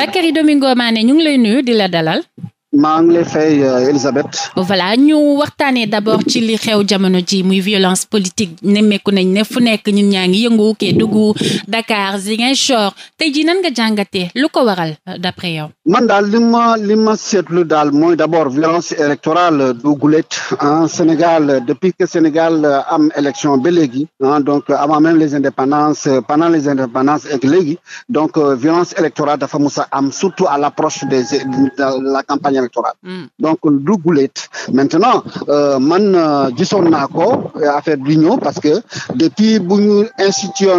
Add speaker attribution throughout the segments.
Speaker 1: Bakary Domingo Mané ñu ngi lay nuyu di la dalal.
Speaker 2: maa ngi lay fay euh, Elisabeth.
Speaker 1: voilà ñu waxtaanee d'abord ci li xew jamono ji muy violence politique nemmeeku nañ ne fu nekk ñun ñaa ngi yëngu Kédougou Dakar Ziguinchor tey jii nan nga jàngatee lu ko waral d'après yow.
Speaker 2: man daal li ma li ma seetlu daal mooy d'abord violence électorale du gulet en Sénégal depuis que Sénégal euh, am élection ba léegi donc euh, avant même les indépendances pendant les indépendances ak léegi donc violence électorale dafa mus a am surtout à l'approche des de la campagne. électorale mm. donc du guleet maintenant euh, man euh, gisoon naa ko euh, affaire bi ñëw parce que depuis bu ñu institution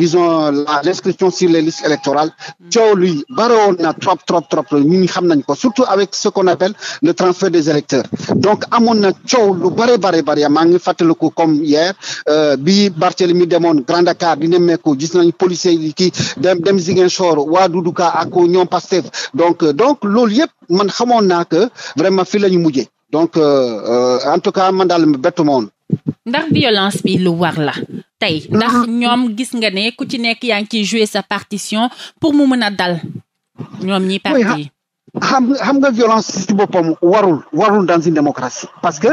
Speaker 2: disons la l'inscription sur les listes électorales mm. coow luy baroon na trop trop trop ñu xam nañ ko surtout avec ce qu'on appelle le transfert des électeurs donc amoon na coow lu bare bare bare maa ngi fàttaliku comme hier bi Barthélemy demoon Grand Dakar di nemmeeku gis nañ policiers yi kii dem dem Ziguinchor waa Duduka ak ñoom Pastef donc donc loolu yëpp man xamoon naa que vraiment fii la ñu mujje donc euh, euh, en tout cas man daal bettu ma woon
Speaker 1: ndax violence bi lu war la tey ndax ah. ñoom gis nga ne ku ci nekk yaa ngi ciy jouer sa partition pour mu mën a dal
Speaker 2: ñoom ñi parti ah. xam nga xam nga violence ci boppam warul warul dans une démocratie parce que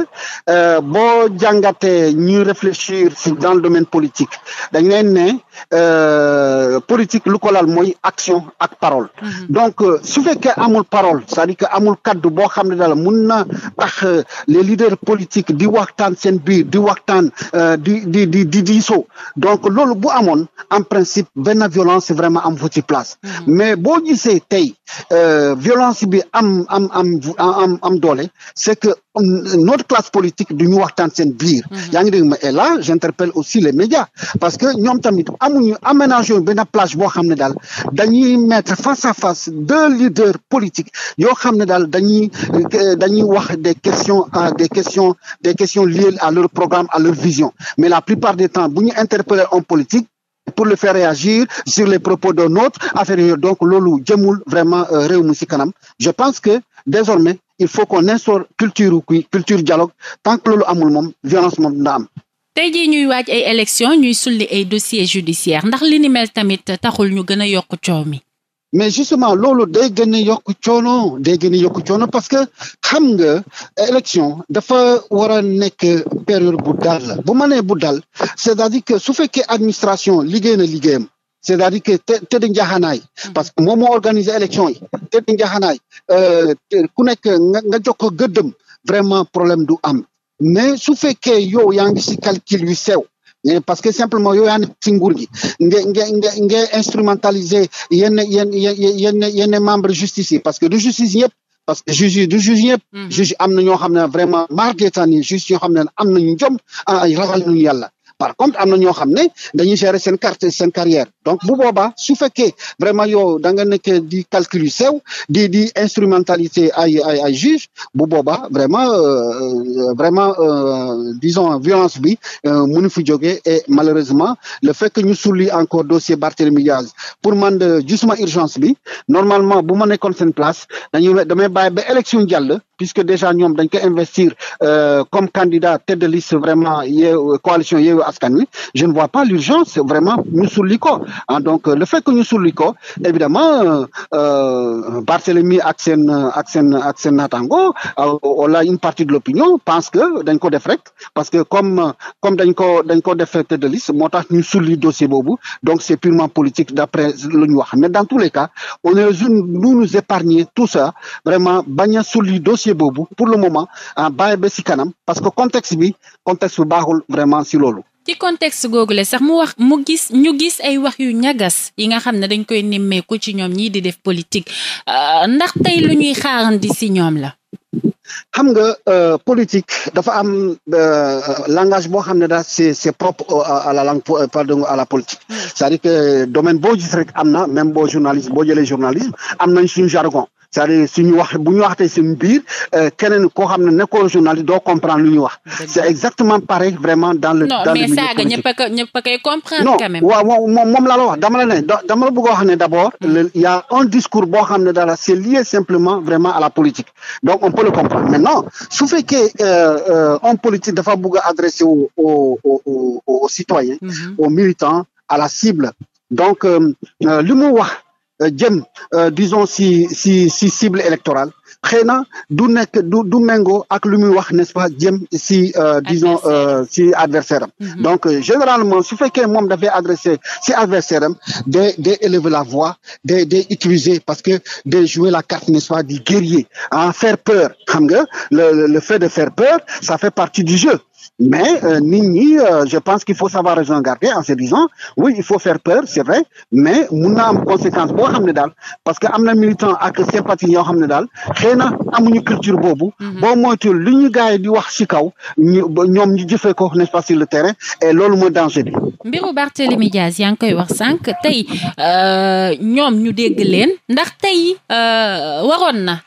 Speaker 2: euh, boo jàngatee ñu réfléchir si dans le domaine politique dañ leen ne euh, politique lu ko mooy action ak parole mhm. donc euh, su fekkee amul parole c'est-à-dire que amul kaddu boo xam ne dal mun na tax les leaders politiques di waxtaan seen biir di waxtaan di di di di diisoo donc loolu bu amoon en principe benn violence vraiment am fa ci place mhm. mais boo gisee tey différence bi am am am am am doole c'est que um, notre classe politique du ñu waxtaan seen biir mhm. yaa ngi dégg ma j'interpelle aussi les médias parce que ñoom tamit amuñu aménagé wu benn plage boo xam ne daal dañuy mettre face à face deux leaders politiques yoo xam ne daal dañuy euh, dañuy wax des questions euh, des questions des questions liées à leur programme à leur vision mais la plupart des temps bu ñu en politique pour le faire réagir sur les propos d'un autre affaire yooyu donc loolu jëmul vraiment euh, réew mi ci kanam je pense que désormais il faut qu'on instaure culture ku culture dialogue tant que loolu amul moom violence moom dina am
Speaker 1: tey jii ñuy waaj ay élection ñuy sulli ay dossier judiciaire ndax li ni mel tamit taxul ñu gën a yokk coow mi
Speaker 2: mais justement loolu day gën yokk coono day gën yokk coono parce que xam nga élection dafa war nekk période bu dal la bu ma nee bu dal c'est-à-dire que su fekkee administration liggéey na liggéeyam c'est-à-dire que te di njaaxanaay mm. parce que moom moo organiser élection yi euh, te di njaaxanaay ku nekk nga nga jox ko gëddëm vraiment problème du am mais su fekkee yow yaa ngi si calcul wi sew Eh, parce que simplement yow yaa nekk ci nguur gi nga nga nga nga instrumentaliser yenn yenn membre justice parce que du justice yëpp parce que juge yi du juge yëpp mhm. juge am na ñoo xam ne vraiment marqué tan yi juge ñoo xam ne am nañu jom ragal nañu yàlla par contre am na ñoo xam ne dañu gérer seen carte seen carrière donc bu boobaa su fekkee vraiment yow da nga nekk di calcul yu sew di di instrumentalité ay ay ay juge bu boobaa vraiment euh, vraiment euh, disons violence bi euh, mënu fi jógee et malheureusement le fekk ñu sulli encore dossier Barthélémy Diaz pour man de justement urgence bi normalement bu ma nekkoon seen place dañuy damay bàyyi ba élection jàll puisque déjà ñoom dañ ko investir euh, comme candidat tête de vraiment yeewu coalition yeewu askan wi je ne vois pas l'urgence vraiment ñu sulli ko ah donc euh, le fait que ñu sulli ko évidemment euh, Barthélemy ak seen ak seen ak seen natango wala euh, une partie de l'opinion pense que dañ ko def rek parce que comme comme dañ ko dañ ko def tête de liste moo tax ñu sulli dossier boobu donc c'est purement politique d'après lu ñu wax mais dans tous les cas on est nous nous épargner tout ça vraiment dossier boobu pour le moment ah, bàyyi ba si kanam parce que contexte bi contexte bu baaxul vraiment si loolu.
Speaker 1: ci contexte googule sax mu wax mu gis ay wax yu ñagas yi nga xam ne dañ koy nemmeeku ci ñoom ñii di def politique ah, ndax tey lu ñuy xaarandi si ñoom la.
Speaker 2: xam nga euh, politique dafa am euh, langage boo xam ne daal c'est c'est propre à la langue euh, pardon à hmm. dire que domaine boo gis rek am na même boo journaliste boo jëlee journalisme am nañ suñu jargon c'est-à-dire suñu wax bu ñu waxtee suñu biir euh, keneen koo xam ne nekkoo journaliste doo comprendre lu ñu wax. c'est exactement pareil vraiment dans le. dans le milieu politique non mais saaga
Speaker 1: ñëpp
Speaker 2: a ne dama la bëgg a wax ne d'abord. Mm. y a un discours boo xam ne daal c'est lié simplement vraiment à la politique donc on peut le comprendre maintenant su fekkee euh, euh, un politique dafa bëgg a adressé au au au aux citoyens. Mm-hmm. aux militants à la cible donc li mu wax. Euh, jëm euh, disons si si si cible électorale xëy na du nekk du du méngoo ak lu muy wax n'est-ce pas jëm si euh, disons si adversaire am mm-hmm. donc généralement su fekkee moom dafay agressé si adversaire am day day élever la voix de utiliser parce que day jouer la carte n'est-ce pas du guerrier en faire peur xam nga le le fait de faire peur ça fait partie du jeu Mais euh, euh, je pense qu'il faut savoir raison garder en se disant oui il faut faire peur c'est vrai mais mun na am conséquence boo xam ne daal parce que am na militant ak sympathie yoo xam ne daal xëy na amuñu culture boobu. Mhm. boo moytuwul lu ñu gars yi di wax ci kaw ñu ñoom ñu jëfee ko n'est-ce pas sur le terrain et loolu mooy danger bi.
Speaker 1: mbiru Barthélémy Dias yaa ngi koy wax sànq tey euh, ñoom ñu dégg leen ndax tey euh, waroon na.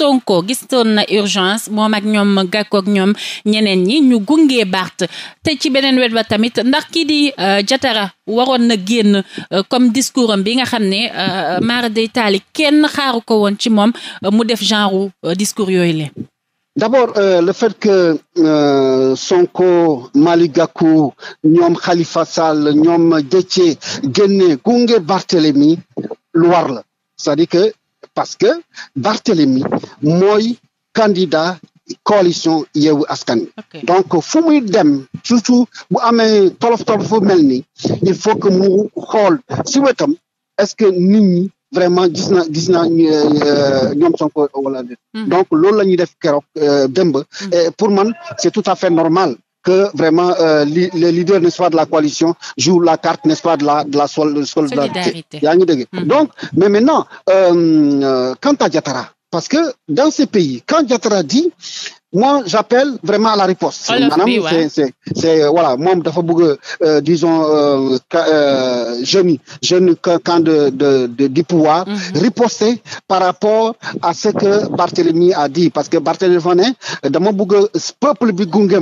Speaker 1: Sonko gisoon na urgence moom ak ñoom Gakou ak ñoom ñeneen ñi ñu gungee Barth te ci beneen wet ba tamit ndax kii di euh, Jatara waroon na génn euh, comme discours am bi nga xam ne euh, maar day taali kenn xaaru ko woon ci moom mu def genre discours yooyu le
Speaker 2: D'abord euh, le fait que euh, Sonko Malick Gakou ñoom Khalifa Sall ñoom Déthié génne gunge Barthélémy lu war la c'est-à-dire que parce que Barthélémy mooy candidat coalition yeewu askan donc fu muy dem surtout bu amee tolof tolofu mel ni il faut que mu xool si wetam est-ce que nit vraiment gis na gis naa euh, euh, ñoom Sonko wala déet hmm. donc loolu la ñuy def keroog euh, démb hmm. et pour man c'est tout à fait normal que vraiment euh, li le leader nest de la coalition jour la carte nest de la de la solidarité yaa ngi dégg hmm. donc mais maintenant euh, quant à Parce que dans ces pays, quand Diatara dit, moi j'appelle vraiment à la riposte. maanaam c'est c'est voilà moom dafa bëgg a euh, disons euh, euh, jeunes jeunes camp de de de du pouvoir. Mhm. riposter par rapport à ce que Barthélemy a dit parce que Barthélemy dafa dama bëgg peuple bi gunge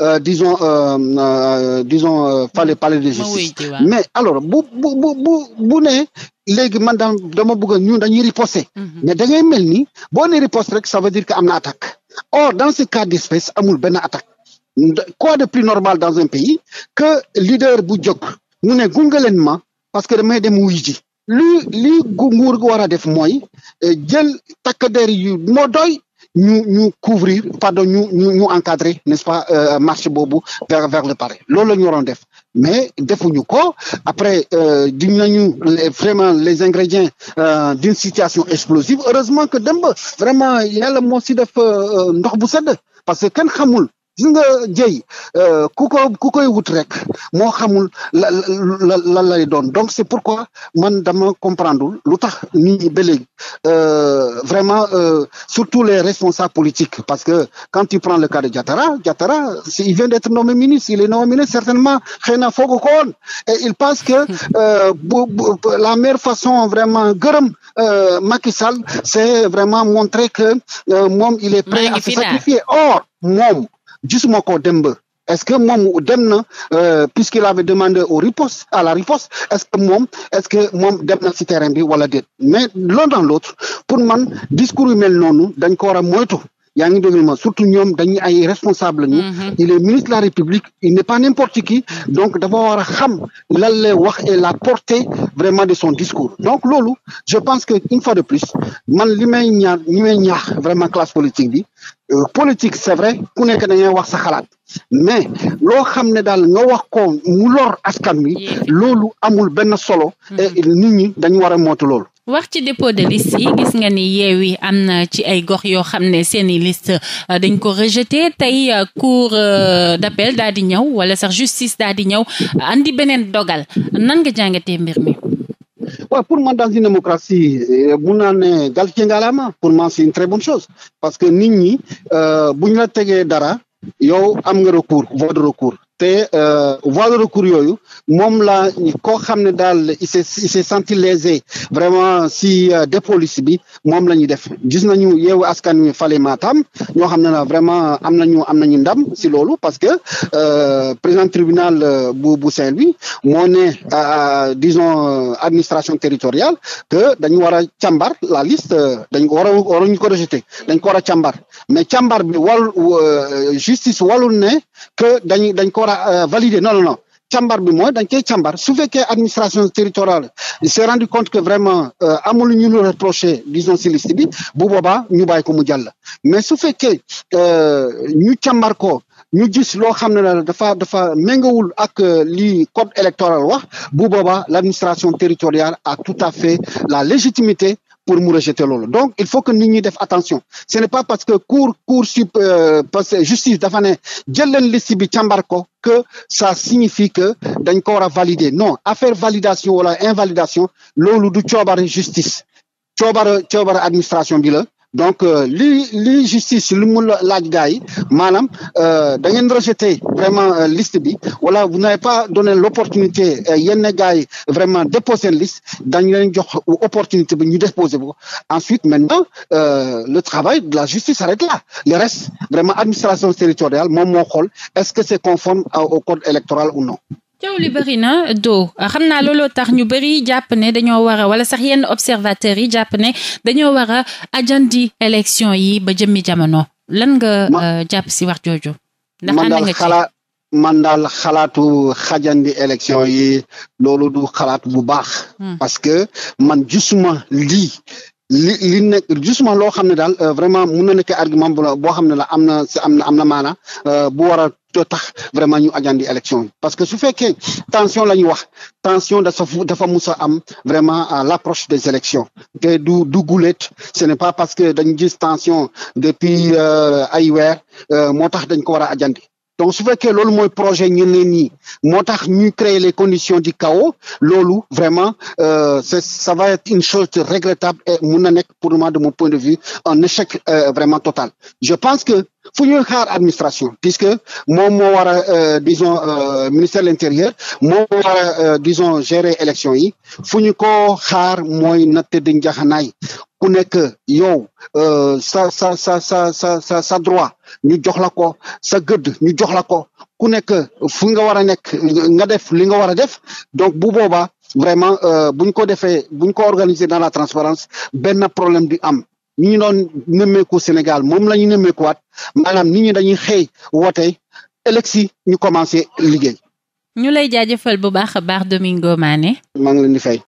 Speaker 2: Euh, disons euh, euh, disons fallait parler de justice mais alors bu bu bu bu ne léegi man daal dama bëgg ñu dañuy riposter mhm. mais da ngay mel ni boo ne riposte rek ça veut dire que am na attaque or dans ce cas d'espèce amul benn attaque quoi de plus normal dans un pays que leader bu jóg mu ne gunge leen ma parce que damay dem wuy ji li li nguur gi war a def mooy jël takk der yu moo ñu ñu couvrir pardon ñu ñu ñu encadrer n'est-ce pas euh, marché boobu vers vers le Paris loolu la ñu waroon def mais defuñu ko après euh, duñ nañu vraiment les ingrédients euh, d'une situation explosive heureusement que dem ba vraiment yàlla moo si def ndox bu sedd parce que kenn xamul gis nga njëy euh, ku ko ku koy wut rek moo xamul la la la lay doon donc c'est pourquoi man dama comprendre lu tax nit ñi ba léegi euh, vraiment euh, surtout les responsables politiques parce que quand tu prends le cas de jatara Diatara si il vient d'être nommé ministre il est nommé ministre certainement xëy na foogu ko woon et il pense que euh, la meilleure façon vraiment gërëm euh, Macky Sall c'est vraiment montrer que euh, moom il est prêt à se sacrifier or moom gisuma ko dem ba est-ce que moom dem na euh, puisqu'il avait demander au riposte à la riposte est-ce que moom est-ce que moom dem na ci terrain bi wala déet mais l'un dans l'autre pour man discours yu mel noonu dañ ko war a moytu yaa ngi déglu ma surtout ñoom dañu ay responsable lañu. Mhm. il est ministre la république il n'est pas n'importe qui donc dafa war a xam lan lay wax et la portée vraiment de son discours donc loolu je pense que une fois de plus man li may ñaar ñi ñaax vraiment classe politique bi euh, politique c'est vrai ku nekk da wax sa xalaat mais loo xam ne daal nga wax ko mu lor askan wi loolu amul benn solo mhm. et nit ñi dañu war a moot loolu
Speaker 1: wax ci dépôt de liste yi gis nga ni Yewwi am na ci ay gox yoo xam ne seeni liste euh, dañ ko rejeté tey euh, cour euh, d'appel daal di ñëw wala sax justice daal di ñëw andi beneen dogal nan nga jàngatee mbir mi
Speaker 2: waaw pour moi dans une démocratie mun naa ne gàlce ngaalama pour moi c'est une très bonne chose parce que nit ñi bu ñu la tegee dara yow am nga recours voie recours te euh, voie de recours yooyu moom la koo xam ne daal il s'est il s'est senti vraiment si euh, dépolice bi moom la ñuy def gis nañu yeewu askan wi fale ñoo xam ne la vraiment am nañu am nañu ndam si loolu parce que euh, président tribunal bu bu Saint-Louis moo ne disons administration territoriale que dañ war a càmbar la liste dañ ko war a waruñu ko dañ ko war a càmbar mais càmbar bi justice warul ne que dañ dañ ko a euh, validé non non non càmbar bi mooy dañ koy càmbar su fekkee administration territoriale s'est rendu compte que vraiment euh, amul ñu lu reproché disons si bi bu booba ñu bàyyi ko mu la mais su fekkee euh, ñu càmbar ko ñu gis loo xam ne la dafa dafa méngawul ak li code électoral wa bu boobaa l'administration territoriale a tout à fait la légitimité pour mu rejeter loolu donc il faut que nit ñi def attention ce n'est pas parce que cour cour sup euh, parce que justice dafa ne jël leen liste bi càmbar ko que ça signifie que dañ ko war a valider non affaire validation wala invalidation loolu du coobare justice coobare coobare administration bi la donc euh, li li justice lu mu laaj gars yi maanaam euh, da ngeen rejeté vraiment euh, liste bi wala vous n'avez pas donné l'opportunité yenn gars yi vraiment déposer seen liste dañu leen jox opportunité bi ñu déposer ko ensuite maintenant le travail de la justice s'arrête là le reste vraiment administration territoriale moom moo xool est-ce que c'est conforme au code électoral ou non
Speaker 1: caw li bëri na doo xam naa looloo tax ñu bëri jàpp ne dañoo war a wala sax yenn observateurs yi jàpp ne dañoo war a ajandi élection yi ba jëmmi jamono lan nga euh, jàpp si wax jooju
Speaker 2: ndax ànd nga man daal xalaatu xajandi élection yi loolu du xalaat bu baax hmm. parce que man gisuma lii li li nekk justement loo xam ne daal euh, vraiment mun na nekk argument bu la boo xam ne la am na am na am na maana euh, bu war a to tax vraiment ñu ajandi élection yi parce que su fekkee tension la ñu wax tension dafa dafa mus a am vraiment à l'approche des élections te du du gulet ce n'est pas parce que dañu gis tension depuis euh, ay weer moo tax dañ ko war a ajandi donc su fekkee loolu mooy projet ñeneen ñi moo tax ñuy créer les conditions du chaos loolu vraiment euh, c'est ça va être une chose regrettable et mun na nekk pour moi de mon point de vue un échec euh, vraiment total je pense que fu ñuy xaar administration puisque moom moo war a euh, disons euh, ministère de l'intérieur moom moo war a euh, disons gérer élection yi fu ñu ko xaar mooy na tëdd njaxanaay ku nekk yow sa sa sa sa sa sa sa droit ñu jox la ko sa gëdd ñu jox la ko ku nekk fu nga war a nekk nga def li nga war a def donc bu boobaa vraiment bu ñu ko defee bu ko organiser dans la transparence benn problème du am ni ñu doon nemmeeku Sénégal moom la ñu waat maanaam nit ñi dañuy xëy woote élection ñu commencé liggéey.
Speaker 1: ñu lay jaajëfal bu baax a baax Domingo Mané.
Speaker 2: maa ngi leen di fay.